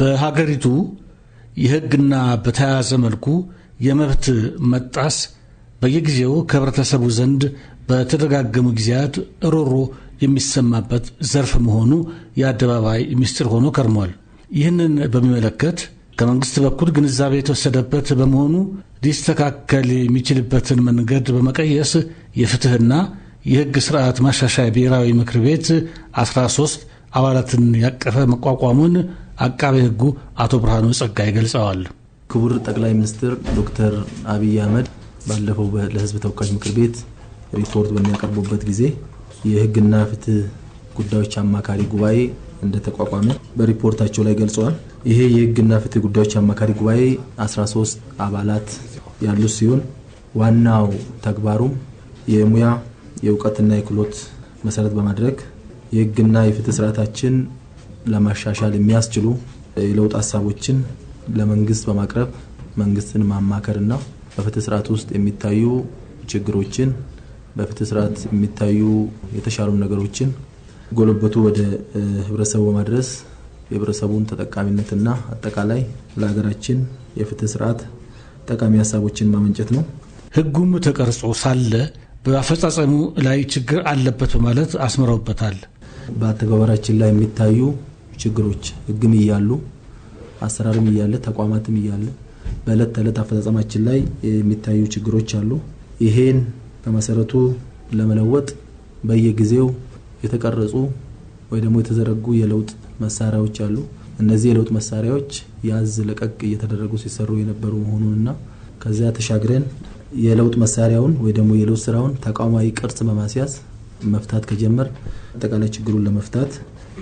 በሀገሪቱ የሕግና በተያያዘ መልኩ የመብት መጣስ በየጊዜው ከህብረተሰቡ ዘንድ በተደጋገሙ ጊዜያት ሮሮ የሚሰማበት ዘርፍ መሆኑ የአደባባይ ምስጢር ሆኖ ከርሟል። ይህንን በሚመለከት ከመንግስት በኩል ግንዛቤ የተወሰደበት በመሆኑ ሊስተካከል የሚችልበትን መንገድ በመቀየስ የፍትህና የህግ ስርዓት ማሻሻያ ብሔራዊ ምክር ቤት 13 አባላትን ያቀፈ መቋቋሙን አቃቤ ሕጉ አቶ ብርሃኑ ጸጋይ ገልጸዋል። ክቡር ጠቅላይ ሚኒስትር ዶክተር አብይ አህመድ ባለፈው ለህዝብ ተወካዮች ምክር ቤት ሪፖርት በሚያቀርቡበት ጊዜ የህግና ፍትህ ጉዳዮች አማካሪ ጉባኤ እንደተቋቋመ በሪፖርታቸው ላይ ገልጸዋል። ይሄ የህግና ፍትህ ጉዳዮች አማካሪ ጉባኤ 13 አባላት ያሉት ሲሆን ዋናው ተግባሩም የሙያ የእውቀትና የክህሎት መሰረት በማድረግ የህግና የፍትህ ስርዓታችን ለማሻሻል የሚያስችሉ የለውጥ ሀሳቦችን ለመንግስት በማቅረብ መንግስትን ማማከርና በፍትህ ስርዓት ውስጥ የሚታዩ ችግሮችን በፍትህ ስርዓት የሚታዩ የተሻሉ ነገሮችን ጎለበቱ ወደ ህብረተሰቡ በማድረስ የህብረተሰቡን ተጠቃሚነትና አጠቃላይ ለሀገራችን የፍትህ ስርዓት ጠቃሚ ሀሳቦችን ማመንጨት ነው። ህጉም ተቀርጾ ሳለ በአፈጻጸሙ ላይ ችግር አለበት በማለት አስምረውበታል። በአተገባራችን ላይ የሚታዩ ችግሮች ህግም እያሉ አሰራርም እያለ ተቋማትም እያለ በእለት ተዕለት አፈጻጸማችን ላይ የሚታዩ ችግሮች አሉ። ይሄን በመሰረቱ ለመለወጥ በየጊዜው የተቀረጹ ወይ ደግሞ የተዘረጉ የለውጥ መሳሪያዎች አሉ። እነዚህ የለውጥ መሳሪያዎች ያዝ ለቀቅ እየተደረጉ ሲሰሩ የነበሩ መሆኑንና ከዚያ ተሻግረን የለውጥ መሳሪያውን ወይ ደግሞ የለውጥ ስራውን ተቋማዊ ቅርጽ በማስያዝ መፍታት ከጀመር አጠቃላይ ችግሩን ለመፍታት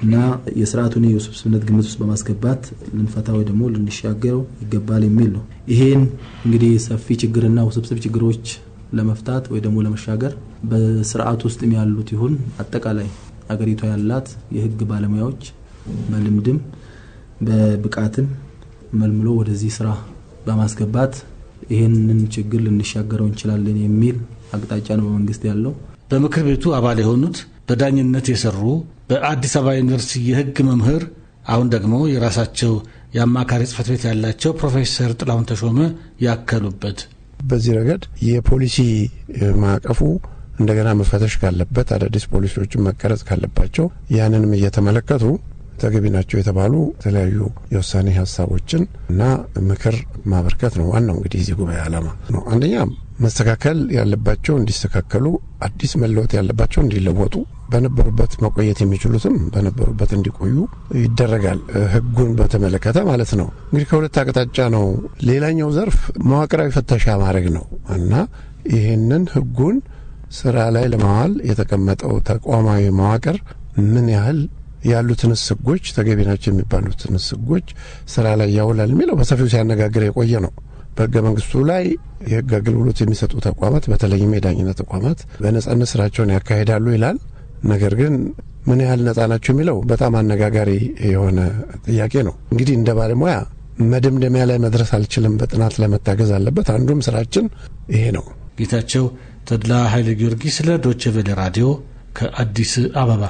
እና የስርዓቱን የውስብስብነት ግምት ውስጥ በማስገባት ልንፈታ ወይ ደግሞ ልንሻገረው ይገባል የሚል ነው። ይሄን እንግዲህ ሰፊ ችግርና ውስብስብ ችግሮች ለመፍታት ወይ ደግሞ ለመሻገር በስርዓት ውስጥም ያሉት ይሁን አጠቃላይ አገሪቷ ያላት የህግ ባለሙያዎች በልምድም በብቃትም መልምሎ ወደዚህ ስራ በማስገባት ይህንን ችግር ልንሻገረው እንችላለን የሚል አቅጣጫ ነው በመንግስት ያለው። በምክር ቤቱ አባል የሆኑት በዳኝነት የሰሩ በአዲስ አበባ ዩኒቨርሲቲ የህግ መምህር አሁን ደግሞ የራሳቸው የአማካሪ ጽህፈት ቤት ያላቸው ፕሮፌሰር ጥላሁን ተሾመ ያከሉበት በዚህ ረገድ የፖሊሲ ማዕቀፉ እንደገና መፈተሽ ካለበት አዳዲስ ፖሊሲዎችን መቀረጽ ካለባቸው ያንንም እየተመለከቱ ተገቢ ናቸው የተባሉ የተለያዩ የውሳኔ ሀሳቦችን እና ምክር ማበርከት ነው ዋናው እንግዲህ የዚህ ጉባኤ አላማ ነው። አንደኛ መስተካከል ያለባቸው እንዲስተካከሉ፣ አዲስ መለወጥ ያለባቸው እንዲለወጡ፣ በነበሩበት መቆየት የሚችሉትም በነበሩበት እንዲቆዩ ይደረጋል። ህጉን በተመለከተ ማለት ነው። እንግዲህ ከሁለት አቅጣጫ ነው። ሌላኛው ዘርፍ መዋቅራዊ ፍተሻ ማድረግ ነው እና ይህንን ህጉን ስራ ላይ ለማዋል የተቀመጠው ተቋማዊ መዋቅር ምን ያህል ያሉትንስ ሕጎች ተገቢ ናቸው የሚባሉትንስ ስራ ላይ ያውላል የሚለው በሰፊው ሲያነጋግር የቆየ ነው። በህገ መንግስቱ ላይ የህግ አገልግሎት የሚሰጡ ተቋማት በተለይም የዳኝነት ተቋማት በነጻነት ስራቸውን ያካሂዳሉ ይላል። ነገር ግን ምን ያህል ነጻ ናቸው የሚለው በጣም አነጋጋሪ የሆነ ጥያቄ ነው። እንግዲህ እንደ ባለሙያ መደምደሚያ ላይ መድረስ አልችልም። በጥናት ለመታገዝ አለበት። አንዱም ስራችን ይሄ ነው። ጌታቸው ተድላ ኃይለ ጊዮርጊስ ለዶቼ ቬለ ራዲዮ ከአዲስ አበባ